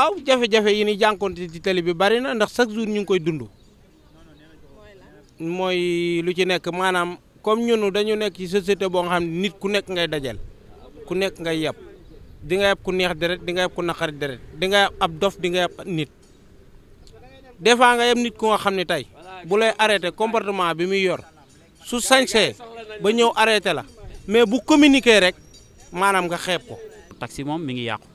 waaw jafe-jafe yi ni jànkonte ci tali bi bari na ndax chaque jour ñu ngi koy dundu mooy lu ci nekk maanaam comme ñunu dañu nekk ci société boo nga xam ne nit ku nekk ngay dajal ku nekk ngay yab di nga yab ku neex deret di nga yab ku naqari deret di nga yab ab dof di nga yab nit des fois nga yab nit ku nga xam ni tey bu lay arrêté comportement bi muy yor su sañsee ba ñëw arrêté la mais bu communiquer rek maanaam nga xeeb ko taxi moom mi ngi yàqu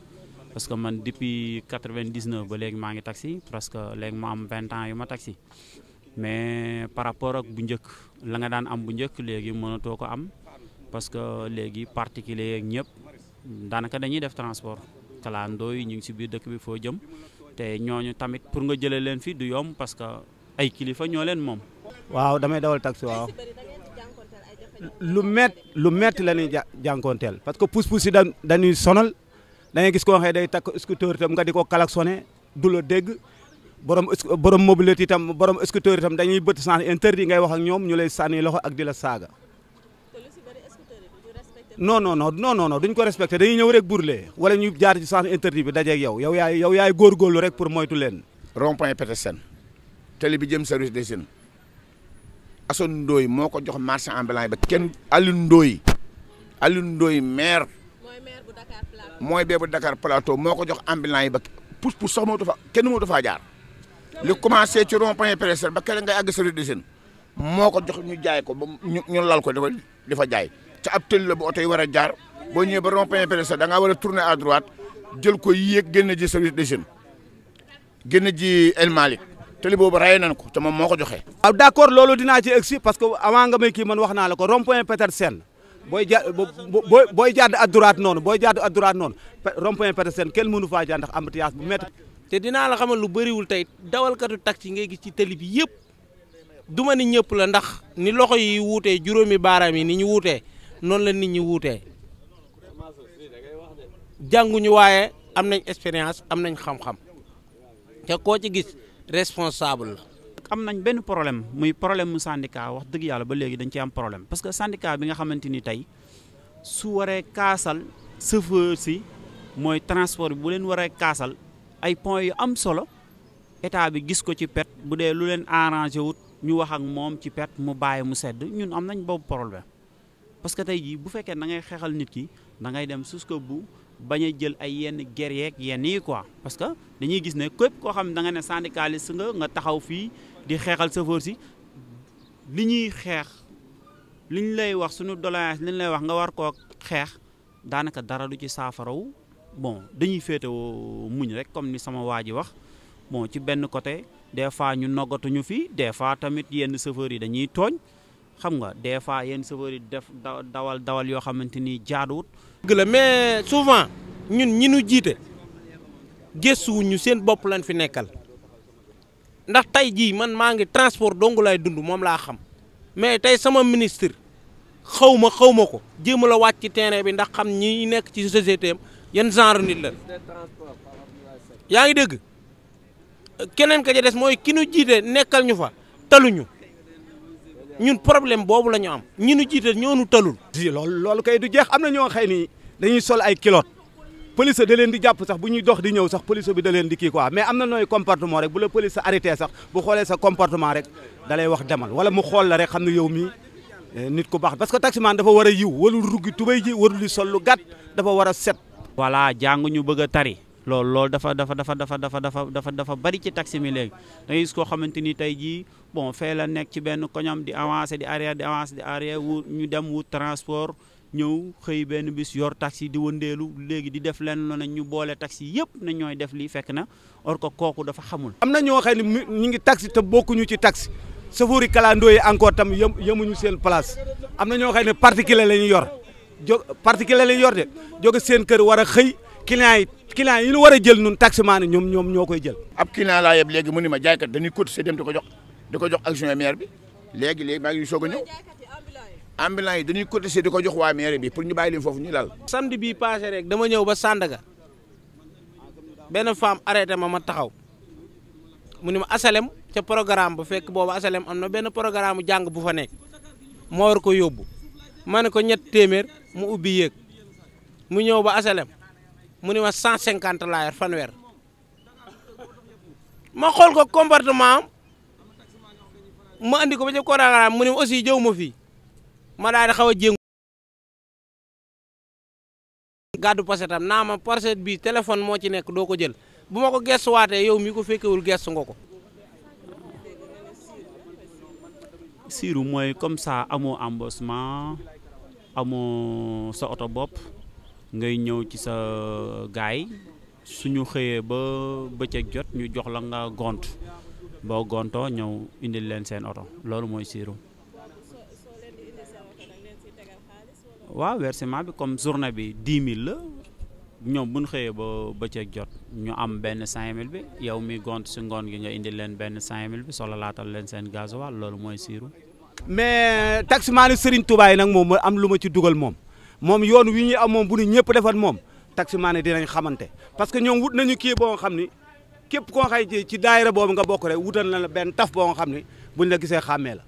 parce que man depuis quatre-vingt-dix-neuf ba léegi maa ngi taxi presque léegi mu am vingt ans yu ma taxi mais par rapport ak bu njëkk la nga daan am bu njëkk léegi mënatoo ko am parce que léegi particulier ak ñëpp daanaka dañuy def transport kalandoo yi ñu ngi si biir dëkk bi foo jëm te ñooñu tamit pour nga jëlee leen fi du yomb parce que ay kilifa ñoo leen moom. waaw damay dawal taxi waaw. lu met lu metti la ñuy jànkonteel parce que pousse pousse yi da ngay gis koo xam ne day takk scooter itam nga di ko klaxonné du la dégg borom borom mobilette itam borom scooter itam dañuy bëtt sens interdit ngay wax ak ñoom ñu lay sànni loxo ak di la saaga. non non non non non duñ ko respecté dañuy ñëw rek burle wala ñu jaar ci sens interdit bi dajeeg yow yow yaay yow yaay góorgóorlu rek pour moytu leen. rond-point Petersen télé bi jëm service des jeunes Assane Ndoye moo ko jox marché ambulant ba kenn Alioune Ndoye Alioune Ndoye maire. mooy maire mooy beebu Dakar plateau moo ko jox ambulants yi ba pour pour sax moo fa kenn moo faa jaar li commencé ci rond point presse ba keneen ngay àgg sa réduction moo ko jox ñu jaay ko ba ñu ñu lal ko dafa dafa jaay te ab tëli la bu oto yi war a jaar boo ñëwee ba rond point presse da ngaa war a tourner à droite jël ko yéeg génn ji service des jeunes génn ji El Malick tëli boobu rayé nañ ko te moo ko joxe. waaw d' accord loolu dinaa ci egg si parce que avant nga may kii man wax naa booy ja booy booy jàdd à droite noonu booy jàdd à droite noonu rond-point Petersen kenn mënu faa jàdd bu métti. te dinaa la xamal lu bëriwul tey dawalkatu taxi ngay gis ci tëli bi yëpp duma ni ñëpp la ndax ni loxo yi wuutee juróomi baaraam yi ni ñu wuutee noonu la nit ñi wuutee jànguñu waaye am nañ expérience am nañ xam-xam te koo ci gis responsable la. am nañ benn problème muy problème mu syndicat wax dëgg yàlla ba léegi dañ ci am problème parce que syndicat bi nga xamante ni tey su waree kaasal chauffeur si mooy transport bi bu leen waree kaasal ay point yu am solo état bi gis ko ci pet bu dee lu leen arrangé wut ñu wax ak moom ci pet mu bàyyi mu sedd ñun am nañ boobu problème parce que tey jii bu fekkee da ngay xeexal nit ki da ngay dem jusqu'au bu bañ a jël ay yenn guerre yeeg yenn yi quoi parce que dañuy gis ne képp koo xam ne da nga ne syndicaliste nga nga taxaw fii di xeexal chauffeur si li ñuy xeex liñ lay wax suñu doléance liñ lay wax nga war koo xeex daanaka dara du ci saafarawu bon dañuy féetewoo muñ rek comme ni sama waa ji wax bon ci benn côté des fois ñu noggatuñu fi des fois tamit yenn chauffeurs yi dañuy tooñ xam nga des fois yenn chauffeurs yi def dawal dawal yoo xamante ni jaaduwut. dëgg la mais souvent ñun ñi nu gëstuwuñu seen bopp lañ fi nekkal. ndax tey jii man maa ngi transport dong lay dund moom laa xam mais tey sama ministre xaw ma xaw ma ko jéem a la wàcc ci terrain bi ndax xam ñi nekk ci société am yan genre nit la yaa ngi dégg keneen ka ca des mooy ki nu jiite nekkal ñu fa taluñu ñun problème boobu lañu am ñi nu jiite ñoo nu talul. loolu loolu kay du jeex am na ñoo xay ni dañuy sol ay kilote. police da leen di jàpp sax bu ñuy dox di ñëw sax police bi da leen di kii quoi mais am na nooy comportement rek bu la police arrêté sax bu xoolee sa comportement rek da wax demal wala mu xool la rek xam ne yow mii eh, nit ku baax parce que taximan dafa war a yiw warul ruggi tubéy ji warul di sol lu gàtt dafa war a set. voilà jàng ñu bëgg a tari. loolu lool dafa dafa dafa dafa dafa dafa dafa dafa bari ci taxi mi léegi da ngay koo xamante ni tey jii bon fee la nekk ci benn koñam di avancer di arrière di avancer di arrière wu ñu dem wut transport. ñëw xëy benn bis yor taxi di wëndeelu léegi di def leen lu ne ñu boole taxi yëpp na ñooy def lii fekk na or ko kooku dafa xamul. am na ñoo xam ne ñu ngi taxi te bokkuñu ci taxi sofëri kalandoo encore tam yem yemuñu seen place am na ñoo xam ne particulier la ñu yor jo particulier la ñu yor de jóge seen kër war a xëy client yi client yi ñu war a jël ñun taximaan yi ñoom ñoom ñoo koy jël. ab client laa yeb léegi mu ni ma jaaykat dañuy cotiser dem di ko jox di ko jox action maire bi léegi léegi maa ngi soog a ñëw. ambulants yi dañuy cotiser di ko jox waa mairie bi pour ñu bàyyi leen foofu ñu lal. samedi bii rek dama ñëw ba Sandaga benn femme arrêté ma ma taxaw mu ni ma asalem ca programme bu fekk boobu asalem am na benn programme jàng bu fa nekk ma war ko yóbbu ma ne ko ñett téeméer mu ubbi yéeg mu ñëw ba asalem mu ni ma cent cinquante laa yor fanweer ma xool ko comportement ma andi ko ba ca programme mu ni ma aussi jëw ma fii. ma daal xaw a jéngu gàddu posetam naa ma poset bi téléphone moo ci nekk doo ko jël bu ma ko gestuwaatee yow mi ko fekkewul gestu nga ko siiru mooy comme ça amoo embossement amoo sa oto bopp ngay ñëw ci sa gaay suñu xëyee ba bëccëg jot ñu jox la nga gont boo gontoo ñëw indi leen seen oto loolu mooy siiru waaw versement bi comme journée bi dix mille la ñoom bu ñu xëyee ba bëccëg jot ñu am benn cinq mille bi yow mi gont si ngoon gi nga indi leen benn cinq mille bi soxla laatal leen seen gasoil loolu mooy siiru. mais taximaanu Serigne tubaay nag moom ma am lu ma ci dugal moom moom yoon wi ñuy am moom bu ñu ñëpp defat moom taximaan yi dinañ xamante parce que ñoom wut nañu kii boo xam ni képp koo xay ci ci daayira boobu nga bokk rek wutal na la benn taf boo nga xam ni buñ la gisee xàmmee la.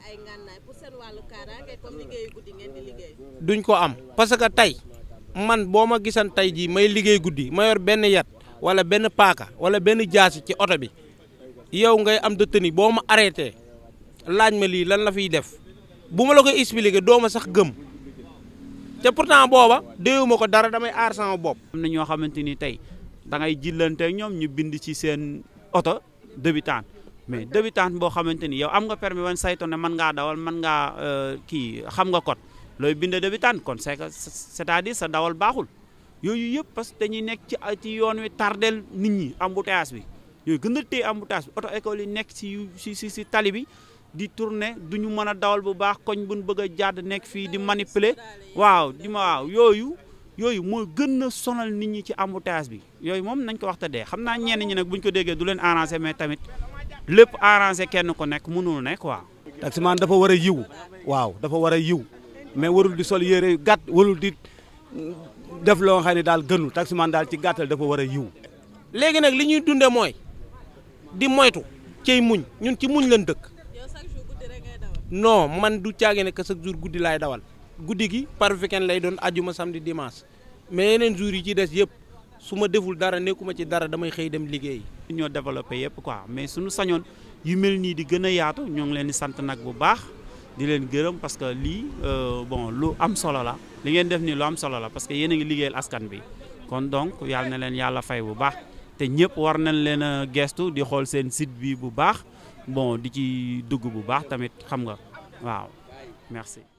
duñ ko am parce que tey man boo ma gisan tey jii may liggéey guddi ma benn yat wala benn paaka wala benn jaasi ci oto bi yow ngay am dëttani boo ma arrêté laaj ma lii lan la fiy def bu ma la ko expliqué doo ma sax gëm te pourtant booba déewuma ko dara damay aar sama am na ñoo xamante ni tey dangay ngay ñoom ñu bind ci seen oto débutant mais débutant boo xamante ni yow am nga permis wan sayto ne mën ngaa dawal mën ngaa euh, kii xam nga kot looy binde débutant kon c'est que cest à sa dawal baaxul yooyu yëpp parce que dañuy nekk ci ci yoon wi tardel nit ñi embouteillage bi yooyu gën a téye embouteillage bi auto yi nekk si si si tali bi di tourner du ñu mën a dawal bu baax koñ buñ bëgg a jàdd nekk fii di manipuler waaw di ma yooyu yooyu mooy gën a sonal nit ñi ci embouteillage bi yooyu moom nañ ko waxta dee xam naa ñenn ñi nag buñ ko déggee du leen arranger mais tamit lépp arranger kenn ko nekk mënul ne quoi. taximaan dafa war a yiw waaw dafa war a yiw. mais warul di sol yére gàtt warul di def loo xam ne daal gënul taximan daal ci gàttal dafa war a yiw léegi nag li ñuy dunde mooy di moytu cey muñ ñun ci muñ lañ dëkk non man du caage ne que jur guddi laay dawal guddi gi par weekend lay doon ajuma samedi dimanche mais yeneen jours yi ci des yëpp su ma deful dara nekkuma ci dara damay xëy dem liggéey ñoo développé yëpp quoi mais suñu sañoon yu mel nii di gën a yaatu ñoo ngi leen di sant nag bu baax di leen gërëm parce que lii euh, bon lu am solo la li ngeen def nii lu am solo la parce que yéen a ngi liggéeyal askan bi kon donc yàlla na leen yàlla fay bu baax te ñëpp war nañ leen a gestu di xool seen sit bi bu baax bon di ci dugg bu baax tamit xam nga waaw merci.